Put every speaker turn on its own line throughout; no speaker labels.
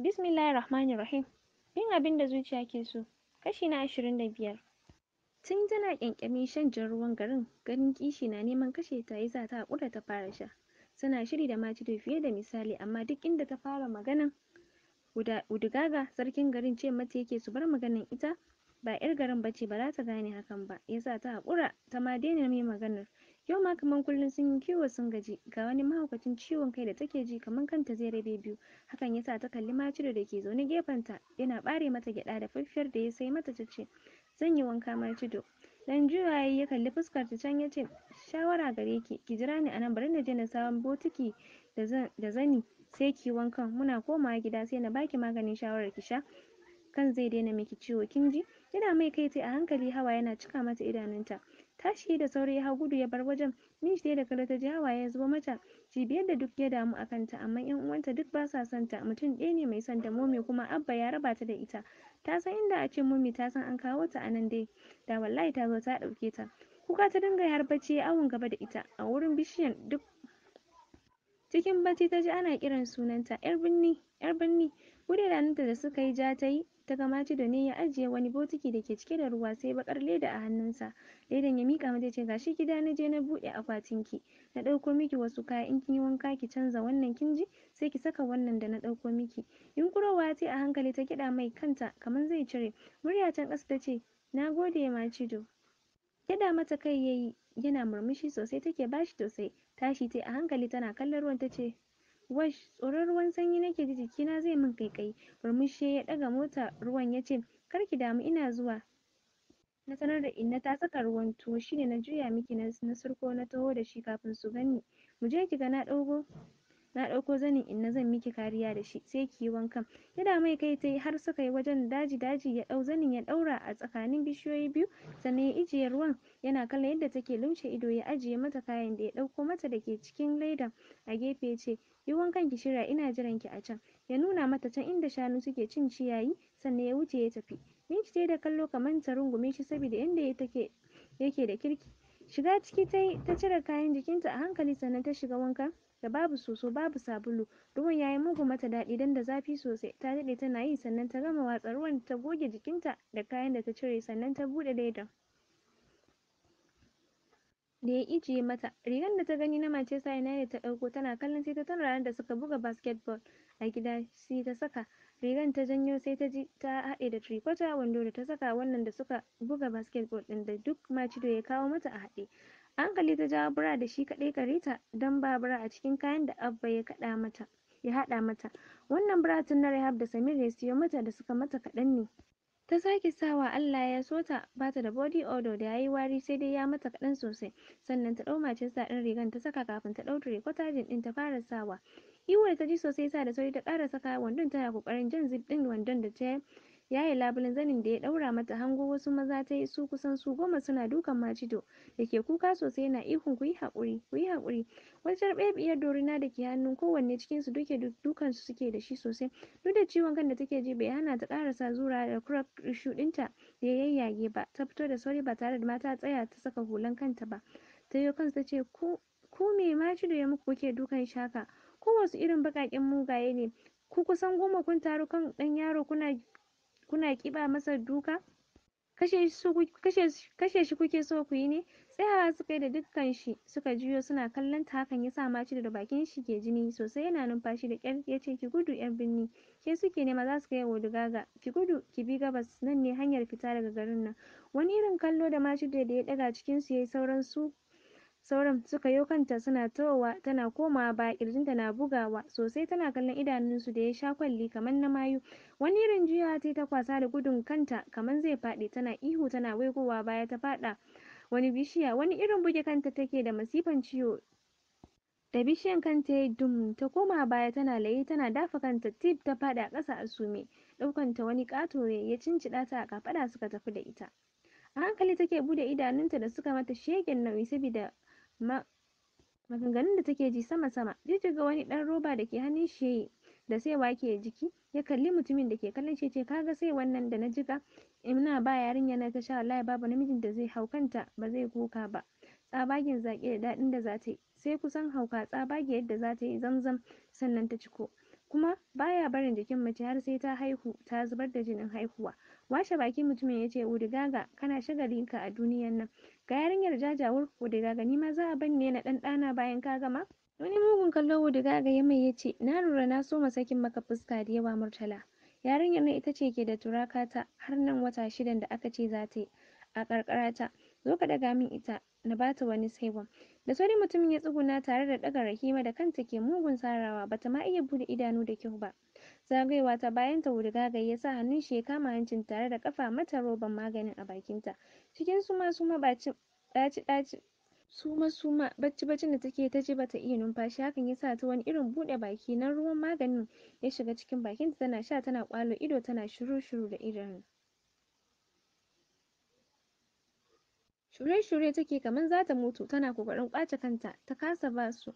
Bismillahir Rahmanir Rahim. Yin abin da zuciya ke so. Kashi na ashirin da biyar. Tun tana ƙyanƙyamin shan jan ruwan garin, ganin kishi na neman kashe ta yi za ta haƙura ta fara sha. Suna shiri da macido fiye da misali, amma duk inda ta fara maganan Udugaga sarkin garin ce mata yake su bar maganan ita ba 'yar garin bace ba za ta gane hakan ba, ya sa ta haƙura ta ma daina mai maganar. yau ma kaman kullum sun yi kiwo sun gaji ga wani mahaukacin ciwon kai da take ji kaman kanta zai rabe biyu hakan yasa ta kalli maciro da ke zaune gefenta yana bare mata gyada da fiffiyar da ya sai mata ta ce zan yi wanka macido dan juya ya kalli fuskar ta can ya ce shawara gare ki ki jira ni anan bari na je na samu botiki da zani sai ki wankan muna komawa gida sai na baki maganin shawarar ki sha kan zai daina miki ciwo kin ji yana mai kai sai a hankali hawa yana cika mata idanunta tashi da sauri ya hau gudu ya bar wajen dai da kallo ta ji hawaye ya zubo mata cibiyar da duk ya damu a kanta amma yan uwanta duk basa sa son ta mutum ɗaya ne mai son da momi kuma abba ya raba ta da ita ta san inda a ce momi ta san an kawo ta a nan dai da wallahi ta zo ta ɗauke ta kuka ta dinga har bacci ya awon gaba da ita a wurin bishiyan duk cikin bacci ta ji ana kiran sunanta yar birni yar birni wuri da suka yi ja ta yi ta macido ne ya ajiye wani botiki da ke cike da ruwa sai bakar leda a hannunsa. Ledan ya mika mata ce gashi gida na je na buɗe akwatin ki. Na ɗauko miki wasu kaya in kin yi wanka ki canza wannan kin ji sai ki saka wannan da na ɗauko miki. Yunkurowa ta a hankali ta kiɗa mai kanta kamar zai cire. Murya can ƙasa tace ce na gode Macido. Kiɗa mata kai yayi yana murmushi sosai take bashi tausayi. Tashi ta a hankali tana kallon ruwan ta wash tsoron ruwan sanyi nake ji jikina zai min ƙaiƙayi. Murmushi ya ɗaga mota ruwan ya ce, Kar ki damu ina zuwa. Na sanar da inna ta saka ruwan tuwo shine na juya miki na surko na taho da shi kafin su ganni. Mu je ki ga na ɗauko na ɗauko zanin inna zan miki kariya da shi sai kiyi yi wankan gyaɗa mai kai ta yi har suka yi wajen daji daji ya ɗau zanin ya ɗaura a tsakanin bishiyoyi biyu sannan ya ijiye ruwan yana kallon yadda take lumshe ido ya ajiye mata kayan da ya ɗauko mata da ke cikin leda a gefe ce yi wankan ki shirya ina jiran ki a can ya nuna mata can inda shanu suke cin ciyayi sannan ya wuce ya tafi Minci da kallo kamar ta rungume shi saboda yadda ya take yake da kirki shiga ciki ta ta cire kayan jikinta a hankali sannan ta shiga wanka da babu soso babu sabulu ruwan yayi mugu mata daɗi dan da zafi sosai ta daɗe tana yi sannan ta gama watsa ruwan ta goge jikinta da kayan da ta cire sannan ta buɗe ledan da ya ijiye mata rigar da ta gani na Manchester United ta ɗauko tana kallon sai ta tana ranar da suka buga basket ball a gida sai ta saka rigar ta janyo sai ta ji ta haɗe da tricota wando da ta saka wannan da suka buga basketball ɗin da duk macido ya kawo mata a haɗe hankali ta jawo bra da shi kaɗai gare ta don babura a cikin kayan da Abba ya kaɗa mata. ya haɗa mata. Wannan bura tun na Rahab da Samir ya siyo mata da suka mata kaɗan ne. ta sake sawa Allah ya so ta bata da body odor da yayi wari sai dai ya mata kaɗan sosai sannan ta ɗau macin sa ɗin rigan ta saka kafin ta ɗau tire kwatajin ɗin ta fara sawa da ta ji sosai sa da sauri ta ƙara saka wandon tana ƙoƙarin jan zip ɗin wandon da ta yaye labulen zanin da ya ɗaura mata hango wasu maza ta yi su kusan su goma suna dukan macido da ke kuka sosai yana ihun ku yi haƙuri ku yi haƙuri wani ɓebiyar dorina da ke hannun kowanne su duke dukansu suke da shi sosai duk da ciwon kan da take ji bai hana ta ƙarasa zura da kura issue da yayyage ba ta fito da sauri ba tare da mata tsaya ta saka hulan kanta ba ta yo kansa ta ce ku ku me macido ya muku kuke dukan shaka ko wasu irin baƙaƙen mugaye ne ku kusan goma kun taru kan ɗan yaro kuna kuna ƙiba masa duka kashe shi kuke so ku yi ne tsayawa suka yi da dukkan shi suka juyo suna kallon ta hakan ya sa maci da bakin shi ke jini sosai yana numfashi da ƙyar ya ce ki gudu yan birni ke suke nema za su kai wodugaga ki gudu ki bi gabas nan ne hanyar fita daga garin nan wani irin kallo da maci da ya daga cikin su yayi sauran su sauran suka yo kanta suna tahowa tana komawa baya ƙirjinta na bugawa sosai tana kallon idanunsu da ya sha kwalli kamar na mayu wani irin juyawa ta ta kwasa da gudun kanta kamar zai faɗi tana ihu tana waigowa baya ta faɗa wani bishiya wani irin buge kanta take da masifan ciwo da bishiyan kanta ya dum ta koma baya tana layi tana dafa kanta tip ta faɗi a ƙasa a sume ɗaukanta wani ƙato ya cincida ta a kafaɗa suka tafi da ita a hankali take bude idanunta da suka mata shegen nauyi saboda ma maganganun da take ji sama-sama jijiga wani ɗan roba da ke hannun shi yayi da saiwa ke jiki ya kalli mutumin da ke kallon shi ce kaga sai wannan da na jiga ina ba yarinya na ta sha wallahi babu namijin da zai haukanta ba zai kuka ba tsabagen zaƙi da daɗin da za yi sai kusan hauka tsabage yadda za ta yi zamzam sannan ta ciko kuma baya barin jikin mace har sai ta haihu ta zubar da jinin haihuwa washe bakin mutumin ya ce udigaga kana shagalinka a duniyan nan ga yarinyar jajawur Odigaga ni ma za a banne na ɗan ɗana bayan ka gama wani mugun kallo ga ya mai yace na lura na soma sakin maka fuska da yawa Murtala yarinyar na ita ce ke da turaka ta har nan wata shidan da aka ce za ta yi a karkara ta zo ka daga min ita na bata wani sabon da sauri mutumin ya tsuguna tare da daga rahima da kanta ke mugun sarawa bata ma iya buɗe idanu da kyau ba zagayowa ta bayan ta wurgagai ya sa hannun shi ya kama hancin tare da kafa mata roban maganin a bakinta cikin suma suma baci daci daci suma suma bacci baccin da take ta ji bata iya numfashi hakan ya sa ta wani irin bude baki na ruwan maganin ya shiga cikin bakinta tana sha tana kwalo ido tana shiru shiru da idon shure shure take kamar zata mutu tana kokarin kwace kanta ta kasa ba su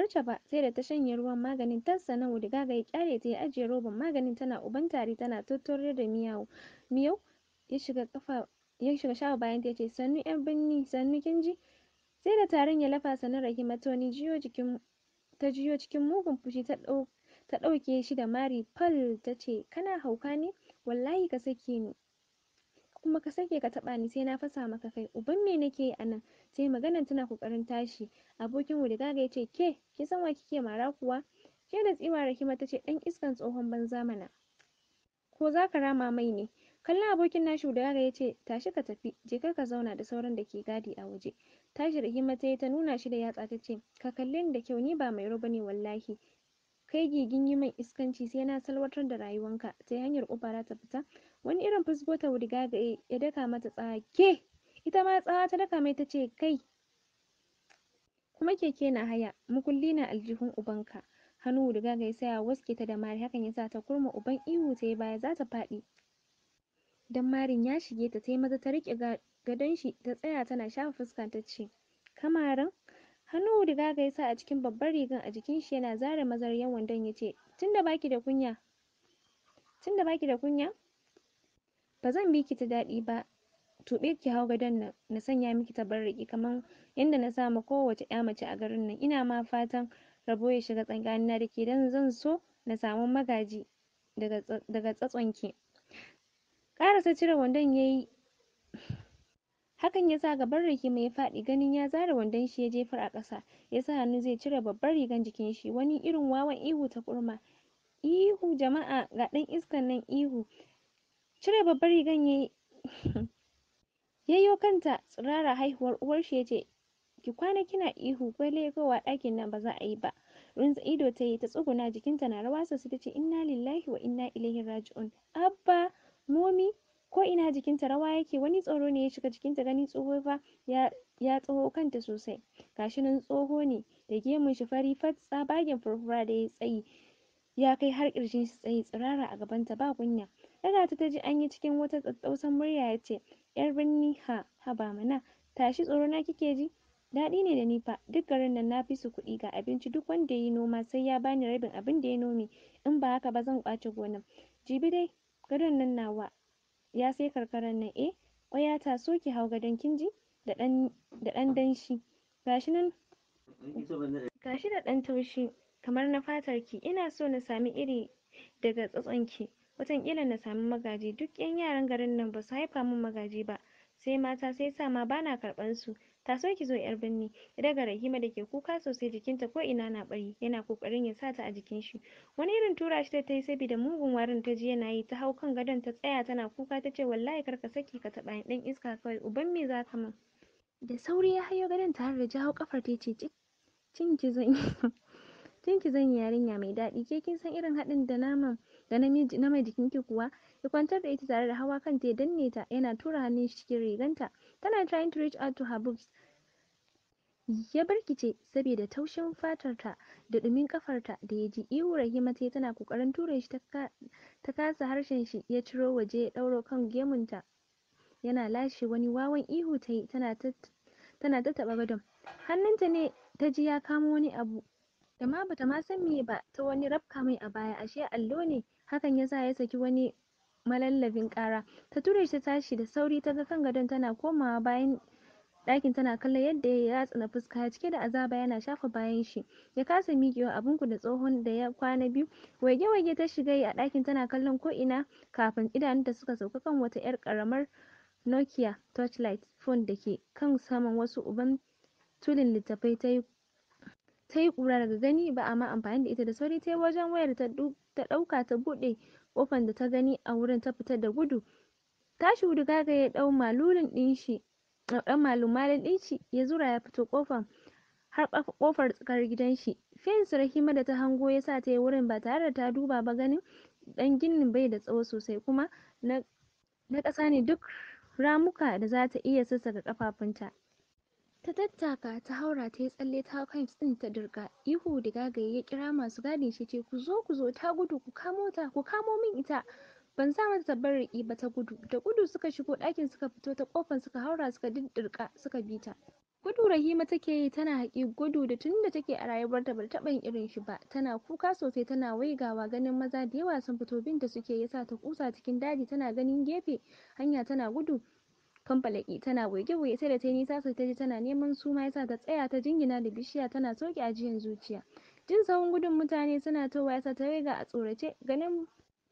farce ba sai da ta shanye ruwan maganin tas sannan wadigaga ya kyale ta ya ajiye roban maganin tana uban tari tana tottore da miyau miyau ya shiga kafa ya shiga shawa bayan ta yace sannu yan binni sannu kinji sai da taron ya lafa sannu Rahima Toni jiyo jikin ta jiyo cikin mugun fushi ta ɗau ta ɗauke shi da mari fal ta ce kana hauka ne wallahi ka sake ni kuma ka sake ka taɓa ni sai na fasa maka kai uban me nake yi anan sai maganan tana kokarin tashi abokin wudigaga ya ce ke ki san wa kike mara kuwa ke da tsiwa rahima ta ce dan iskan tsohon banza mana ko za ka rama mai ne kallon abokin nashi wudigaga ya ce tashi ka tafi je kar ka zauna da sauran da ke gadi a waje tashi rahima ta yi ta nuna shi da yatsa ta ce ka kalle ni da kyau ni ba mai roba ne wallahi kai gigin yi min iskanci sai na salwatar da rayuwanka ta hanyar kubara ta fita wani irin fusgo ta riga ya daka mata tsawa ita ma tsawa ta daka mai tace kai kuma keke na haya mukulli na aljihun ubanka hannu riga ya saya waske ta da mari hakan yasa ta kurma uban ihu ta yi baya za ta faɗi dan marin ya shige ta ta maza ta riƙe gadon shi ta tsaya tana shafa fuska ta ce kamaran hannu riga ya sa a cikin babban rigan a jikin shi yana zare mazaryan wandon ya ce tunda baki da kunya tunda baki da kunya ba zan bi ki ta daɗi ba tuɓe ki hau gadon nan na sanya miki tabarruki kamar yadda na sama kowace ƴa mace a garin nan ina ma fatan rabo ya shiga tsakanina da ke dan zan so na samu magaji daga tsatson ki ƙarasa cire wandon yayi hakan ya sa gaban rake mai faɗi ganin ya zare wandon shi ya jefar a ƙasa ya sa hannu zai cire babbar rigan jikin shi wani irin wawan ihu ta kurma ihu jama'a ga ɗan iskan nan ihu cire babbar rigan yayi yayyo kanta tsirara haihuwar uwar shi yace ki kwana kina ihu kwale kowa ɗakin nan ba za a yi ba runtsa ido ta yi ta tsuguna jikinta na rawa sosai tace inna lillahi wa inna ilaihi raji'un abba momi ko ina jikinta rawa yake wani tsoro ne ya shiga jikinta ganin tsoho fa ya ya tsaho kanta sosai gashi nan tsoho ne da gemun shi fari fat tsabagen furfura da yayi tsayi ya kai har kirjin shi tsayi tsirara a gabanta ba kunya ɗaga ta ji an yi cikin wata tsattsausar murya ya ce yar birni ha haba mana tashi tsoro na kike ji daɗi ne da ni fa duk garin nan na fi su kuɗi ga abinci duk wanda ya yi noma sai ya bani rabin abin da ya nome in ba haka ba zan ƙwace gonan jibi dai gadon nan nawa ya sai karkarar nan eh ƙwaya ta so ki hau gadon kin da ɗan da ɗan danshi gashi nan gashi da ɗan taushi kamar na fatar ki ina so na sami iri daga ki wataƙila na sami magaji duk yan yaran garin nan ba su haifa min magaji ba sai mata sai sa ma bana karɓan su ta so ki zo yar birni ga rahima da ke kuka sosai jikinta ko ina na bari yana kokarin ya sata a jikin shi wani irin tura shi da ta yi saboda mugun warin ta ji yana yi ta hau kan gadon ta tsaya tana kuka ta ce wallahi kar ka saki ka taɓa ni ɗan iska kawai uban me za min da sauri ya hayo gadon tare da jawo kafar ta ce cin ki zan yi yarinya mai daɗi ke kin san irin haɗin da naman da namiji na mai jikin ki kuwa ya kwantar da ita tare da hawa kanta ya danne ta yana tura hannun shi cikin riganta tana trying to reach out to her boobs ya barkice saboda taushin fatar ta da dumin kafar ta, da ya ji ihu rahima ta tana kokarin ture shi ta kasa harshen shi ya ciro waje ya dauro kan gemun ta, yana lashe wani wawan ihu ta yi tana ta tana taba gadon hannunta ne ta ji ya kamo wani abu da ma bata ma san me ba ta wani rafka mai a baya ashe allo ne hakan ya sa ya saki wani malallabin kara ta ture shi ta tashi da sauri ta ga kan gadon tana komawa bayan ɗakin tana kallon yadda ya yatsa na fuska cike da azaba yana shafa bayan shi ya kasa miƙewa abin da tsohon da ya kwana biyu waige waige ta shiga a ɗakin tana kallon ko ina kafin idanunta suka sauka kan wata 'yar ƙaramar Nokia torchlight phone da ke kan saman wasu uban tulin littafai ta yi ta yi ƙura daga gani ba a ma amfani da ita da sauri ta yi wajen wayar ta ta ɗauka ta buɗe ƙofan da ta gani a wurin ta fita da gudu tashi wudugaga ya ɗau malulin ɗin shi ɗan malumalin ɗin shi ya zura ya fito ƙofan har ƙofar tsakar gidan shi fence rahima da ta hango ya sa ta yi wurin ba tare da ta duba ba ganin ɗan ginin bai da tsawo sosai kuma na ƙasa ne duk ramuka da za ta iya sassaƙa ƙafafunta ta tattaka ta haura ta yi tsalle ta kan ɗin ta dirka ihu da gagaye ya kira masu gadin shi ce ku zo ku zo ta gudu ku kamo ta ku kamo min ita ban sa mata tabbar riƙe ba ta gudu da gudu suka shigo ɗakin suka fito ta kofan suka haura suka diddirka suka bi ta gudu rahima take yi tana haƙi gudu da tunda take a rayuwarta ba taɓa yin irin shi ba tana kuka sosai tana waigawa ganin maza da yawa sun fito binta suke yasa ta kusa cikin daji tana ganin gefe hanya tana gudu Fanfalaki tana goge-goge sai da ta yi nisa sai ta ji tana neman suma yasa ta tsaya ta jingina da bishiya tana sauke ajiyan zuciya. Jin sahun gudun mutane suna towa yasa ta riga a tsorace ganin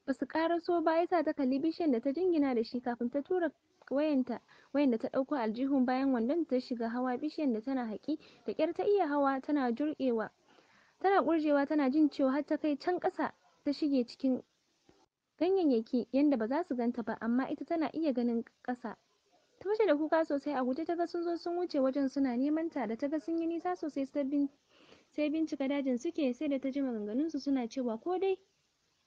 basu su ƙaraso ba yasa ta kalli bishiyan da ta jingina da shi kafin ta tura wayanta wayan da ta ɗauko aljihun bayan wandon ta shiga hawa bishiyan da tana haƙi da ƙyar ta iya hawa tana jurƙewa tana ƙurjewa tana jin cewa har ta kai can ƙasa ta shige cikin ganyayyaki yanda ba za su ganta ba amma ita tana iya ganin ƙasa tushe da kuka sosai a guje ta sun zo sun wuce wajen suna neman ta da taga sun yi nisa sosai sai bincika dajin suke sai da ta ji maganganun su suna cewa ko dai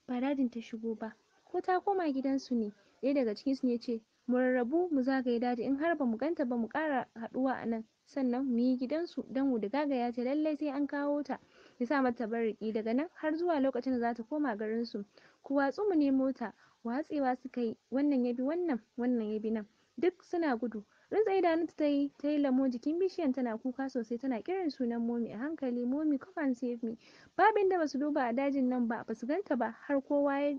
ba dajin ta shigo ba ko ta koma gidansu ne ɗaya daga cikin su ne ce mu rarrabu mu zagaye daji in har bamu ganta ba mu ƙara haɗuwa a nan sannan mu yi gidansu dan mu gaga ya ce lallai sai an kawo ta ya sa mata bariki daga nan har zuwa lokacin da za ta koma garinsu ku watsu mu nemo ta watsewa suka yi wannan ya bi wannan wannan ya bi nan duk suna gudu rintsa idanunta ta yi ta yi lamo jikin bishiyan tana kuka sosai tana kiran sunan momi a hankali momi come and save me babu inda basu duba a dajin nan ba basu ganta ba har kowa ya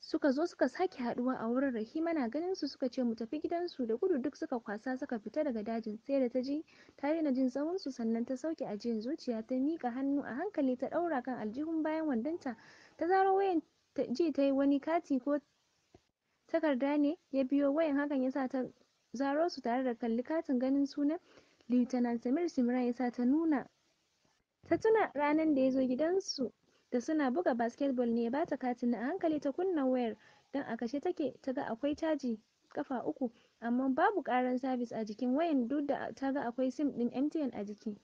suka zo suka sake haduwa a wurin rahima na ganin su suka ce mu tafi gidansu da gudu duk suka kwasa suka fita daga dajin sai da ta ji ta daina jin tsawon su sannan ta sauke ajiyar zuciya ta mika hannu a hankali ta daura kan aljihun bayan wandonta ta zaro wayan ji ta yi wani kati ko takarda ne ya biyo wayan hakan yasa ta zaro su tare da kalli katin ganin sunan lieutenant samir simran yasa ta nuna ta tuna ranar da ya zo gidansu da suna buga basketball ne ya bata katin a hankali ta kunna wayar don a kashe take ta ga akwai caji kafa uku amma babu karan sabis a jikin wayan duk da ta ga akwai sim din mtn a jiki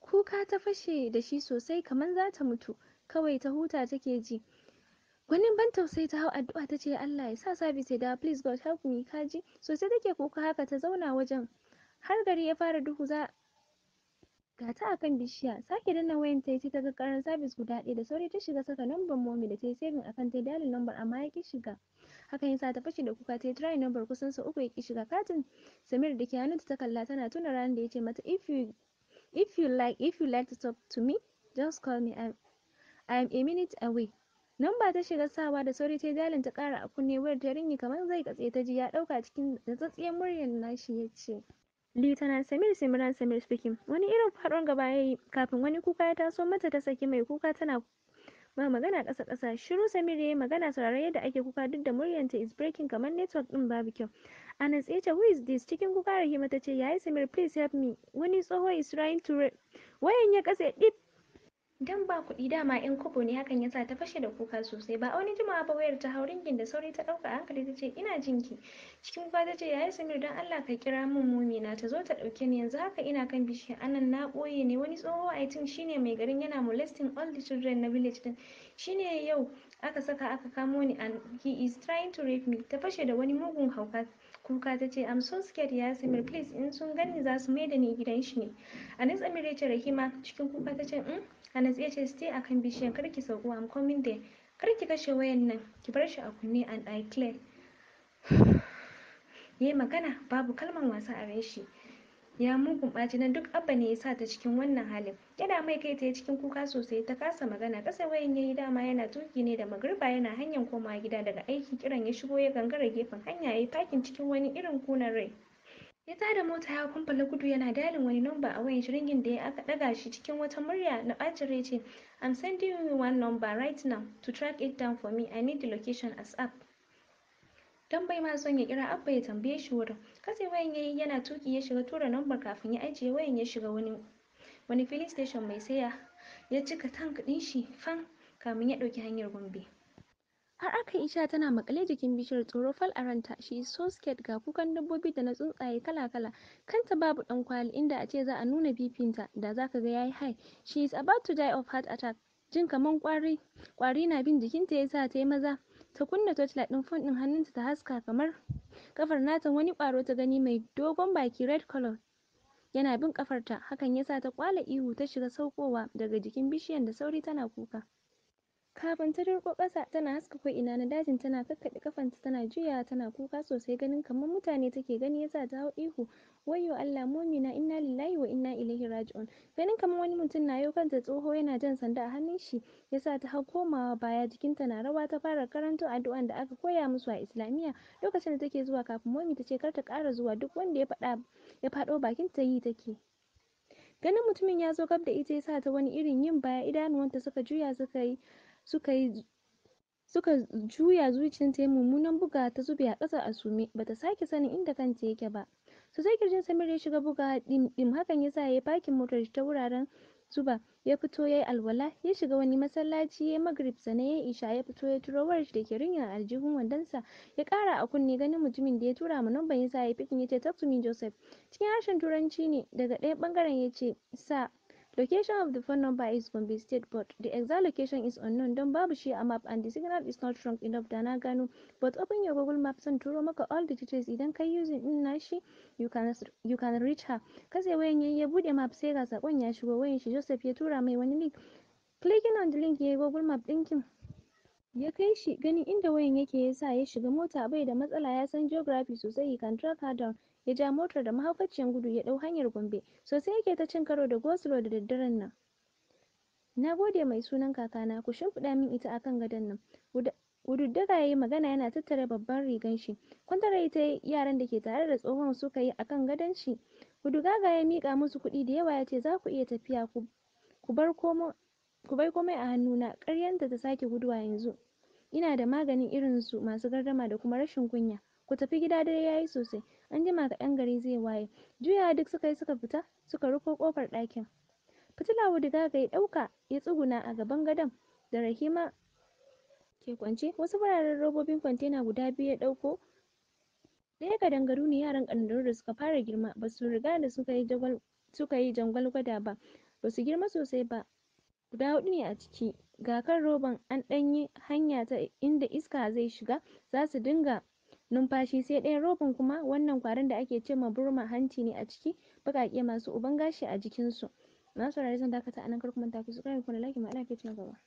kuka ta fashe da shi sosai kamar zata mutu kawai ta huta take ji wani ban tausayi ta hau addu'a ta ce Allah ya sa sabis ya dawo please God help me kaji sosai take kuka haka ta zauna wajen har gari ya fara duhu za ga ta akan bishiya sake danna wayan ta ta ga karar sabis guda ɗaya da sauri ta shiga saka lambar momi da ta yi saving akan ta dalin lambar amma ya ki shiga hakan yasa ta fashe da kuka ta yi try number kusan sau uku ya ki shiga katin samir da ke ta kalla tana tuna ranar da ya ce mata if you if you like if you like to talk to me just call me I'm I'm a minute away nan ba ta shiga sawa da sauri ta dalin ta kara a kunne wayar ta ringi kamar zai katse ta ji ya ɗauka cikin natsatstsiyar muryar nashi ya ce. Lieutenant Samir Simran Samir speaking. Wani irin faɗon gaba ya yi kafin wani kuka ya taso mata ta saki mai kuka tana ba magana ƙasa ƙasa shiru Samir ya yi magana saurare yadda ake kuka duk da ta is breaking kamar network ɗin babu kyau. A natse ta who is this cikin kuka Rahima ta ce yayi Samir please help me wani tsoho is trying to wayan ya katse dip dan ba kuɗi dama yan kobo ne hakan yasa ta fashe da kuka sosai ba a wani jimawa ba wayar ta haurin gin da sauri ta ɗauka a hankali ta ce ina jinki cikin kuka ta ce yayi samir dan allah ka kira min mumina ta zo ta ɗauke ni yanzu haka ina kan bishiya anan na ɓoye ne wani tsoho a yatin shine mai garin yana molesting all the children na village din shine yau aka saka aka kamo ni and he is trying to rape me ta fashe da wani mugun hauka kuka ta ce i'm so scared ya samir please in sun gani za su mai da ni gidan shi ne a amir ya ce rahima cikin kuka ta ce hmm? a natsi ce stay kan bishiyan kar ki sauko am coming there kar ki kashe wayan nan ki bar shi a kunne an i clear yayi magana babu kalman wasa a ran ya mugun ɓaci nan duk abba ne ya sa ta cikin wannan halin yana mai kai ta cikin kuka sosai ta kasa magana kasa wayan ya yi dama yana tuki ne da magriba yana hanyar komawa gida daga aiki kiran ya shigo ya gangara gefen hanya ya yi fakin cikin wani irin kunan rai ya tada mota ya kumfala gudu yana dalin wani numba a wayan shirin da ya aka daga shi cikin wata murya na bacin rai ce i'm sending you one number right now to track it down for me i need the location as app don bai ma son ya kira abba ya tambaye shi wurin katse wayan yayi yana tuki ya shiga tura number kafin ya ajiye wayan ya shiga wani wani filin station mai saya ya cika tank din shi fan kamin ya dauki hanyar gombe har aka Isha tana makale jikin bishiyar tsoro fal a ranta she so scared ga kukan dabbobi da na tsuntsaye kala kala kanta babu dan kwali inda ace za a nuna bifinta da zaka ga yayi high she is about to die of heart attack jin kaman kwari kwari na bin jikinta yasa ta yi maza ta kunna torchlight din phone din hannunta ta haska kamar kafar nata wani kwaro ta gani mai dogon baki red color yana bin kafarta hakan yasa ta kwala ihu ta shiga saukowa daga jikin bishiyan da sauri tana kuka Kafin ta durƙo ƙasa tana haska ina na dajin tana kakkaɗe kafanta tana juyawa tana kuka sosai ganin kamar mutane take gani yasa ta hau ihu wayyo Allah mumina inna lillahi wa inna ilaihi raji'un ganin kamar wani mutum na yau kanta tsoho yana jan sanda a hannun shi yasa ta hau komawa baya jikinta na rawa ta fara karanto addu'an da aka koya musu a islamiyya lokacin da take zuwa kafin momi ta ce kar ta ƙara zuwa duk wanda ya faɗa ya faɗo bakin ta yi take ganin mutumin ya zo gab da ita yasa ta wani irin yin baya idanuwanta suka juya suka yi suka juya zuciyar ta mummunan buga ta zube a ƙasa a sume bata sake sanin inda kanta yake ba Su sai kirjin samir ya shiga buga dim dim hakan ya sa ya yi fakin motar ta wuraren zuba ya fito ya yi alwala ya shiga wani masallaci yi magrib sannan ya isha ya fito ya turo wayar da ke rinyar aljihun wandonsa ya ƙara a kunne ganin mutumin da ya tura ma ya yi yayi ya yace talk to me joseph cikin harshen turanci ne daga ɗaya ya ce, sa Location of the phone number is Gombe State, but the exact location is unknown don babu shi a map and the signal is not strong enough da na gano. But open your Google Maps and turo maka all the details idan kai using din nashi you can you can reach her. Kase wayan yayi ya bude map sai ga sakon ya shigo wayan shi Joseph ya tura mai wani link. Clicking on the link ye Google Map kin ya kai shi ganin inda wayan yake ya sa ya shiga mota bai da matsala ya san geography sosai he can track her down ya ja motar da mahaukaciyar gudu ya dau hanyar gombe sosai yake ta cin karo da goslo da daddaren nan na gode mai sunan kakana ku shimfiɗa min ita akan gadon nan Wududdaga ya yi magana yana tattara babban rigan shi. Kwantare ita yaran da ke tare da tsohon suka yi akan gadon shi. Wudugaga ya mika musu kuɗi da yawa ya ce za ku iya tafiya ku bar komo ku bai komai a hannuna ƙaryanta ta sake guduwa yanzu ina da maganin irin su masu gardama da kuma rashin kunya ku tafi gida dare yayi sosai an jima kaɗan gari zai waye juyawa duk suka yi suka fita suka rufo ƙofar ɗakin fitila wudiga ya ɗauka ya tsuguna a gaban gadon da rahima ke kwance wasu fararen robobin kwantena guda biyu ya ɗauko ɗaya dangaru ne yaran kadangaru da suka fara girma ba su riga da suka yi suka yi jangwal gwada ba ba su girma sosai ba guda hudu ne a ciki ga kan roban an ɗan yi hanya ta inda iska zai shiga za su dinga numfashi sai ɗaya roban kuma wannan kwarin da ake ce ma burma hanci ne a ciki baƙaƙe masu uban gashi a jikinsu na saurari zan dakata a nan kar ku manta ku subscribe ku na like mu ana kai ci gaba